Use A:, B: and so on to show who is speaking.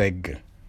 A: segg